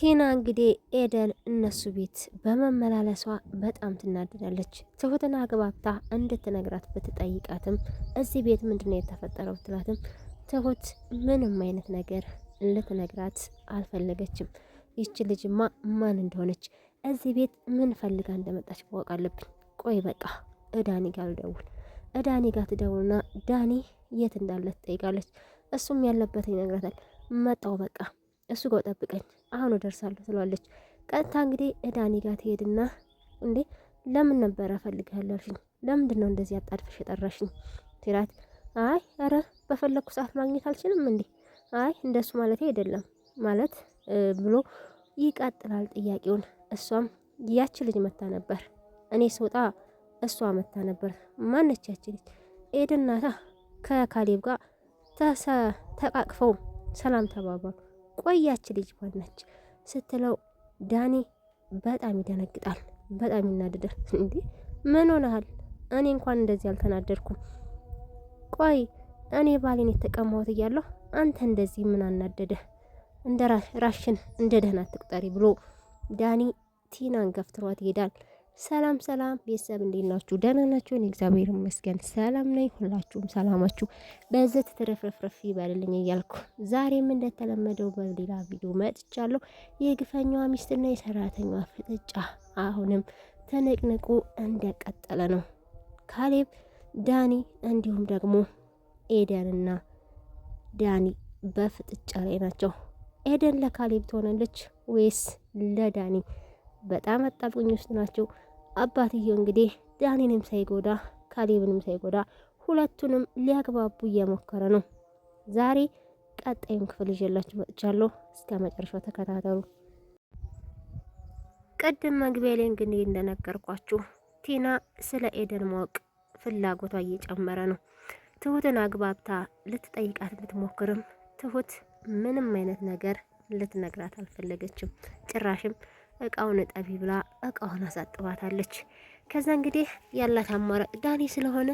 ቲና እንግዲህ ኤደን እነሱ ቤት በመመላለሷ በጣም ትናደዳለች። ትሁትን አግባብታ እንድትነግራት ብትጠይቃትም እዚህ ቤት ምንድነው የተፈጠረው ትላትም ትሁት ምንም አይነት ነገር ልትነግራት አልፈለገችም። ይቺ ልጅማ ማን እንደሆነች እዚህ ቤት ምን ፈልጋ እንደመጣች ማወቅ አለብኝ። ቆይ በቃ እዳኒ ጋር ልደውል። እዳኒ ጋር ትደውልና ዳኒ የት እንዳለ ትጠይቃለች። እሱም ያለበት ይነግራታል። መጣው በቃ እሱ ጋር ጠብቀኝ፣ አሁን ደርሳለሁ ትለዋለች። ቀጥታ እንግዲህ እዳኒ ጋር ትሄድና እንዴ ለምን ነበር እፈልግሃለሁ ያልሽኝ? ለምንድን ነው እንደዚህ አጣድፈሽ የጠራሽኝ? ትላት። አይ ኧረ በፈለግኩ ሰዓት ማግኘት አልችልም እንዴ? አይ እንደሱ ማለት አይደለም ማለት ብሎ ይቀጥላል ጥያቄውን። እሷም ያቺ ልጅ መታ ነበር፣ እኔ ስወጣ እሷ መታ ነበር። ማነች ያቺ ልጅ? ኤደናታ ከካሌብ ጋር ተቃቅፈው ሰላም ተባባሉ። ቆያች ልጅ ማነች ስትለው ዳኒ በጣም ይደነግጣል፣ በጣም ይናደዳል። እንዴ ምን ሆነሃል? እኔ እንኳን እንደዚህ አልተናደድኩም። ቆይ እኔ ባሌን የተቀማሁት እያለሁ አንተ እንደዚህ ምን አናደደ? እንደ ራሽን እንደ ደህና ትቁጠሪ ብሎ ዳኒ ቲናን ገፍትሯት ይሄዳል። ሰላም ሰላም ቤተሰብ እንዴት ናችሁ? ደህና ናችሁ? እኔ እግዚአብሔር ይመስገን ሰላም ነኝ። ሁላችሁም ሰላማችሁ በዘት ትረፍረፍረፍ ይበልልኝ እያልኩ ዛሬም እንደተለመደው በሌላ ቪዲዮ መጥቻለሁ። የግፈኛዋ ሚስትና የሰራተኛዋ ፍጥጫ አሁንም ትንቅንቁ እንደቀጠለ ነው። ካሌብ ዳኒ፣ እንዲሁም ደግሞ ኤደንና ዳኒ በፍጥጫ ላይ ናቸው። ኤደን ለካሌብ ትሆናለች ወይስ ለዳኒ? በጣም አጣብቂኝ ውስጥ ናቸው። አባትየው እንግዲህ ዳኒንም ሳይጎዳ ካሌብንም ሳይጎዳ ሁለቱንም ሊያግባቡ እየሞከረ ነው። ዛሬ ቀጣዩን ክፍል ይዤላችሁ መጥቻለሁ። እስከ መጨረሻው ተከታተሉ። ቅድም መግቢያ ላይ እንግዲህ እንደነገርኳችሁ ቲና ስለ ኤደን ማወቅ ፍላጎቷ እየጨመረ ነው። ትሁትን አግባብታ ልትጠይቃት ብትሞክርም ትሁት ምንም አይነት ነገር ልትነግራት አልፈለገችም ጭራሽም እቃውን እጠቢ ብላ እቃውን አሳጥባታለች። ከዛ እንግዲህ ያላት አማራጭ ዳኒ ስለሆነ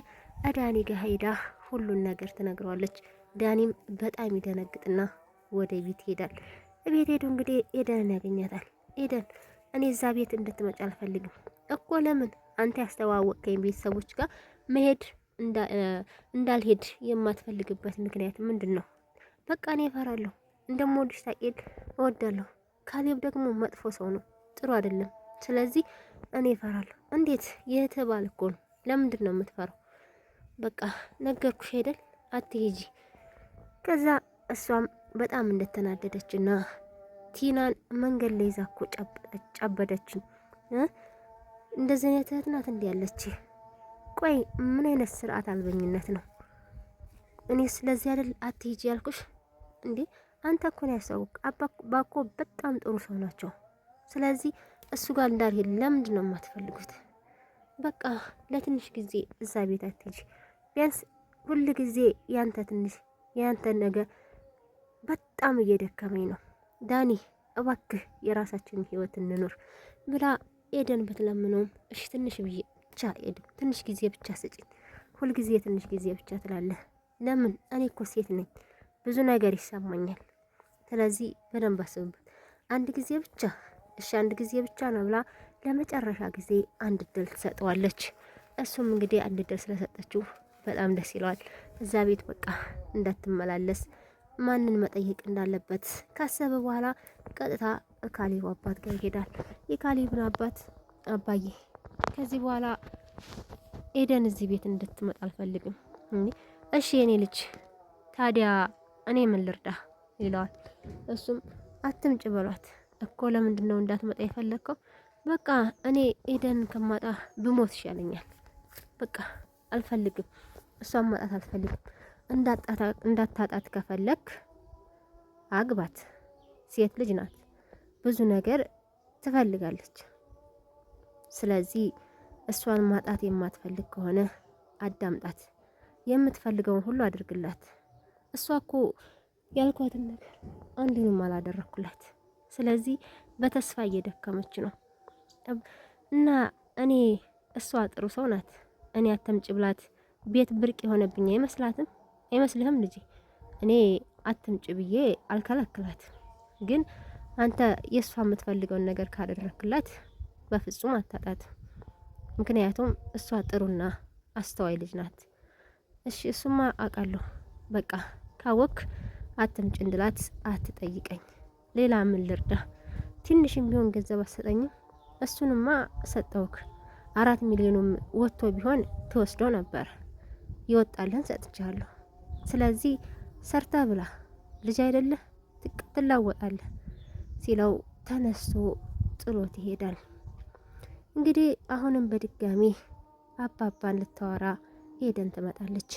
ዳኒ ጋ ሄዳ ሁሉን ነገር ትነግረዋለች። ዳኒም በጣም ይደነግጥና ወደ ቤት ይሄዳል። ቤት ሄዱ እንግዲህ ኤደንን ያገኛታል። ኤደን እኔ እዛ ቤት እንድትመጫ አልፈልግም እኮ ለምን አንተ ያስተዋወቅከኝ ቤተሰቦች ጋር መሄድ እንዳልሄድ የማትፈልግበት ምክንያት ምንድን ነው? በቃ እኔ እፈራለሁ። እንደምወድሽ ታውቂያለሽ፣ እወዳለሁ። ካሌብ ደግሞ መጥፎ ሰው ነው። ጥሩ አይደለም። ስለዚህ እኔ እፈራለሁ። እንዴት የተባል እኮ ነው። ለምንድን ነው የምትፈራው? በቃ ነገርኩሽ አይደል አትሄጂ። ከዛ እሷም በጣም እንደተናደደች እና ቲናን መንገድ ላይ ይዛ እኮ ጨበደችኝ። እንደዚህ አይነት እህት ናት እንዲ ያለች። ቆይ ምን አይነት ስርዓት አልበኝነት ነው? እኔ ስለዚህ አይደል አትሄጂ ያልኩሽ እንዴ? አንተ እኮ ነው ያሳውቅ። አባ በጣም ጥሩ ሰው ናቸው። ስለዚህ እሱ ጋር እንዳልሄድ ለምንድን ነው የማትፈልጉት? በቃ ለትንሽ ጊዜ እዛ ቤት አትሄጂ። ቢያንስ ሁል ጊዜ ያንተ ትንሽ ያንተ ነገር በጣም እየደከመኝ ነው ዳኒ፣ እባክህ የራሳችንን ህይወት እንኖር ብላ ኤደን ብትለምነውም እሺ ትንሽ ብዬ ብቻ ኤደን ትንሽ ጊዜ ብቻ ስጭኝ፣ ሁልጊዜ ትንሽ ጊዜ ብቻ ትላለህ። ለምን እኔ እኮ ሴት ነኝ፣ ብዙ ነገር ይሰማኛል። ስለዚህ በደንብ አስብበት አንድ ጊዜ ብቻ እሺ አንድ ጊዜ ብቻ ነው ብላ ለመጨረሻ ጊዜ አንድ እድል ትሰጠዋለች። እሱም እንግዲህ አንድ እድል ስለሰጠችው በጣም ደስ ይለዋል። እዛ ቤት በቃ እንዳትመላለስ ማንን መጠየቅ እንዳለበት ካሰበ በኋላ ቀጥታ ካሌብ አባት ጋር ይሄዳል። የካሌብን አባት አባዬ፣ ከዚህ በኋላ ኤደን እዚህ ቤት እንድትመጣ አልፈልግም። እሺ የኔ ልጅ ታዲያ እኔ ምን ልርዳ ይለዋል። እሱም አትምጭ በሏት እኮ ለምንድን ነው እንዳትመጣ የፈለግከው? በቃ እኔ ኤደን ከማጣ ብሞት ይሻለኛል። በቃ አልፈልግም፣ እሷን ማጣት አልፈልግም። እንዳታጣት ከፈለክ አግባት። ሴት ልጅ ናት፣ ብዙ ነገር ትፈልጋለች። ስለዚህ እሷን ማጣት የማትፈልግ ከሆነ አዳምጣት፣ የምትፈልገውን ሁሉ አድርግላት። እሷ እኮ ያልኳትን ነገር አንዱንም አላደረኩላት። ስለዚህ በተስፋ እየደከመች ነው እና እኔ እሷ ጥሩ ሰው ናት። እኔ አተምጭ ብላት ቤት ብርቅ የሆነብኝ አይመስላትም አይመስልህም ልጄ? እኔ አትምጭ ብዬ አልከለክላት፣ ግን አንተ የእሷ የምትፈልገውን ነገር ካደረክላት በፍጹም አታጣት። ምክንያቱም እሷ ጥሩና አስተዋይ ልጅ ናት። እሺ እሱማ አውቃለሁ። በቃ ካወክ አትምጭ እንድላት አትጠይቀኝ። ሌላ ምን ልርዳ? ትንሽም ቢሆን ገንዘብ አሰጠኝም። እሱንማ ሰጠውክ። አራት ሚሊዮኑም ወጥቶ ቢሆን ትወስዶ ነበር። ይወጣለን ሰጥቻለሁ። ስለዚህ ሰርታ ብላ ልጅ አይደለ ትላወጣለህ ሲለው ተነስቶ ጥሎት ይሄዳል። እንግዲህ አሁንም በድጋሚ አባባን ልታወራ ኤደን ትመጣለች።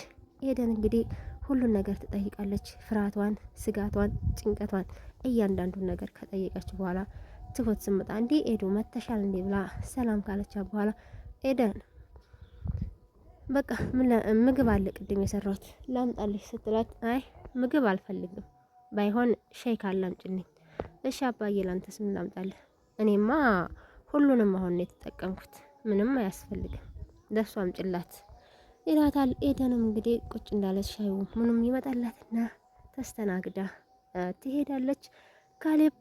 ኤደን እንግዲህ ሁሉን ነገር ትጠይቃለች። ፍርሃቷን፣ ስጋቷን፣ ጭንቀቷን እያንዳንዱን ነገር ከጠየቀች በኋላ ትሁት ስምጣ እንዲ ኤዶ መተሻል እንዲ ብላ ሰላም ካለቻ በኋላ ኤደን በቃ ምግብ አለ ቅድም የሰራሁት ላምጣልሽ ስትላት አይ ምግብ አልፈልግም፣ ባይሆን ሻይ ካለ አምጪልኝ። እሺ አባዬ ላንተስ ምን ላምጣልህ? እኔማ ሁሉንም አሁን የተጠቀምኩት፣ ምንም አያስፈልግም፣ ደሷም ጭላት ይላታል። ኤደንም እንግዲህ ቁጭ እንዳለች ሻዩ ምንም ይመጣላትና ተስተናግዳ ትሄዳለች። ካሌብ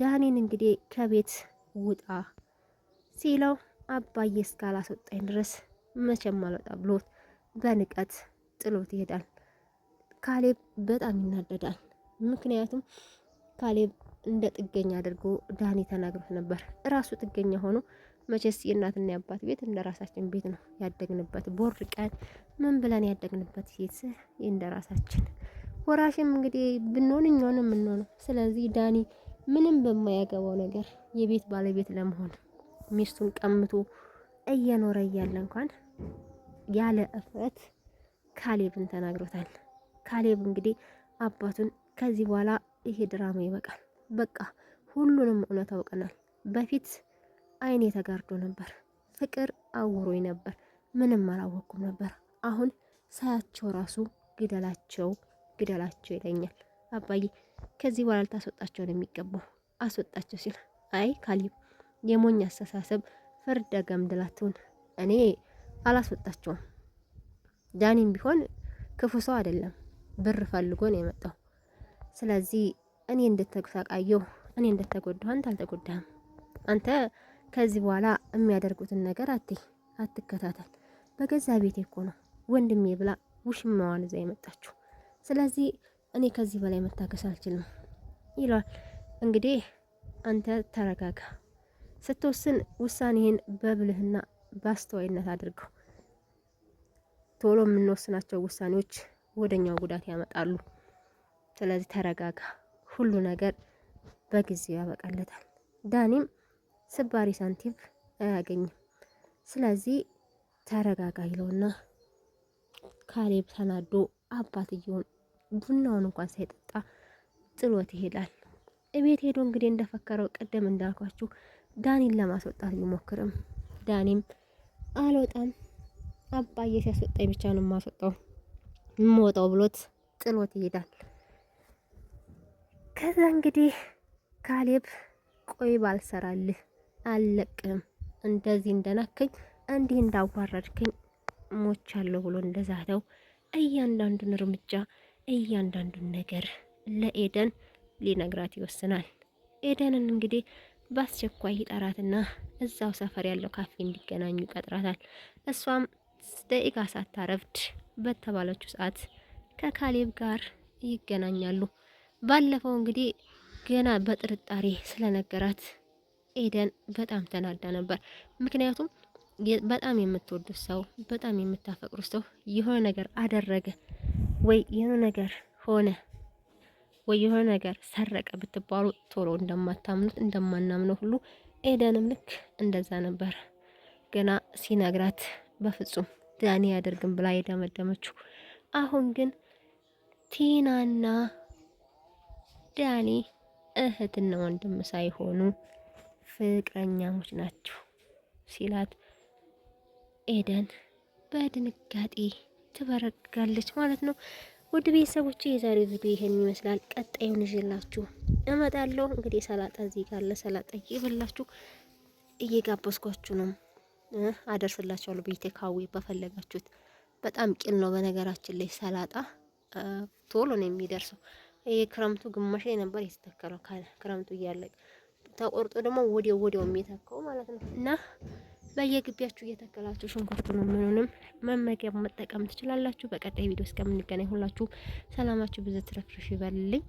ዳኔን እንግዲህ ከቤት ውጣ ሲለው አባዬ እስካላስወጣኝ ድረስ መቼም አልወጣ ብሎት በንቀት ጥሎት ይሄዳል። ካሌብ በጣም ይናደዳል። ምክንያቱም ካሌብ እንደ ጥገኛ አድርጎ ዳኒ ተናግሮት ነበር። እራሱ ጥገኛ ሆኖ መቼስ የእናትና የአባት ቤት እንደ ራሳችን ቤት ነው ያደግንበት። ቦርድ ቀን ምን ብለን ያደግንበት ቤት እንደ ራሳችን ወራሽም እንግዲህ ብንሆን እኛውን የምንሆነው። ስለዚህ ዳኒ ምንም በማያገባው ነገር የቤት ባለቤት ለመሆን ሚስቱን ቀምቶ እየኖረ እያለ እንኳን ያለ እፍረት ካሌብን ተናግሮታል። ካሌብ እንግዲህ አባቱን ከዚህ በኋላ ይሄ ድራማ ይበቃል፣ በቃ ሁሉንም እውነት አውቀናል። በፊት አይኔ ተጋርዶ ነበር፣ ፍቅር አውሮኝ ነበር፣ ምንም አላወቁም ነበር። አሁን ሳያቸው ራሱ ግደላቸው ግደላቸው ይለኛል አባዬ። ከዚህ በኋላ ልታስወጣቸው ነው የሚገባው አስወጣቸው ሲል አይ ካሌብ፣ የሞኝ አስተሳሰብ ፍርደ ገምድላትሁን። እኔ አላስወጣቸውም። ዳኒም ቢሆን ክፉ ሰው አይደለም፣ ብር ፈልጎ ነው የመጣው። ስለዚህ እኔ እንደተሰቃየሁ እኔ እንደተጎዳሁ አንተ አልተጎዳህም። አንተ ከዚህ በኋላ የሚያደርጉትን ነገር አትይ፣ አትከታተል። በገዛ ቤቴ እኮ ነው ወንድሜ ብላ ውሽማዋን እዛ የመጣችሁ። ስለዚህ እኔ ከዚህ በላይ መታገስ አልችልም ይሏል። እንግዲህ አንተ ተረጋጋ፣ ስትወስን ውሳኔህን በብልህና በአስተዋይነት አድርገው። ቶሎ የምንወስናቸው ውሳኔዎች ወደኛው ጉዳት ያመጣሉ። ስለዚህ ተረጋጋ፣ ሁሉ ነገር በጊዜው ያበቃለታል። ዳኒም ስባሪ ሳንቲም አያገኝም። ስለዚህ ተረጋጋ ይለውና ካሌብ ተናዶ አባትየውን ቡናውን እንኳን ሳይጠጣ ጥሎት ይሄዳል። እቤት ሄዶ እንግዲህ እንደፈከረው ቀደም እንዳልኳችሁ ዳኒን ለማስወጣት ቢሞክርም ዳኒም አልወጣም አባዬ ሲያስወጣኝ ብቻ ነው የማስወጣው የምወጣው ብሎት ጥሎት ይሄዳል። ከዛ እንግዲህ ካሌብ ቆይ ባልሰራልህ አልለቅህም፣ እንደዚህ እንደናከኝ እንዲህ እንዳዋረድክኝ ሞቻለሁ ብሎ እንደዛተው እያንዳንዱን እርምጃ እያንዳንዱን ነገር ለኤደን ሊነግራት ይወስናል። ኤደንን እንግዲህ በአስቸኳይ ይጠራትና እዛው ሰፈር ያለው ካፌ እንዲገናኙ ይቀጥራታል። እሷም ደቂቃ ሳታረፍድ በተባለችው ሰዓት ከካሌብ ጋር ይገናኛሉ። ባለፈው እንግዲህ ገና በጥርጣሬ ስለነገራት ኤደን በጣም ተናዳ ነበር። ምክንያቱም በጣም የምትወዱት ሰው፣ በጣም የምታፈቅሩት ሰው የሆነ ነገር አደረገ ወይ የሆነ ነገር ሆነ ወይ የሆነ ነገር ሰረቀ ብትባሉ ቶሎ እንደማታምኑት እንደማናምነው ሁሉ ኤደንም ልክ እንደዛ ነበር። ገና ሲነግራት በፍጹም ዳኒ ያደርግም ብላ የደመደመችው። አሁን ግን ቲናና ዳኒ እህትና ወንድም ሳይሆኑ ፍቅረኛሞች ናቸው ሲላት ኤደን በድንጋጤ ትበረጋለች ማለት ነው። ውድ ቤተሰቦች የዛሬው ቪዲዮ ይሄን ይመስላል። ቀጣዩን ይዤላችሁ እመጣለሁ። እንግዲህ ሰላጣ እዚህ ጋር ለሰላጣ እየበላችሁ እየጋበዝኳችሁ ነው አደርስላችኋለሁ። ቤቴ ካዊ በፈለጋችሁት በጣም ቂል ነው። በነገራችን ላይ ሰላጣ ቶሎ ነው የሚደርሰው። ይህ ክረምቱ ግማሽ ላይ ነበር የተተከለው። ክረምቱ እያለቀ ተቆርጦ ደግሞ ወዲያው ወዲያው የሚተከው ማለት ነው እና በየግቢያችሁ እየተከላችሁ ሽንኩርቱንም ምኑንም መመገብ መጠቀም ትችላላችሁ። በቀጣይ ቪዲዮ እስከምንገናኝ ሁላችሁ ሰላማችሁ ብዙ ትረፍርፍ ይበልልኝ።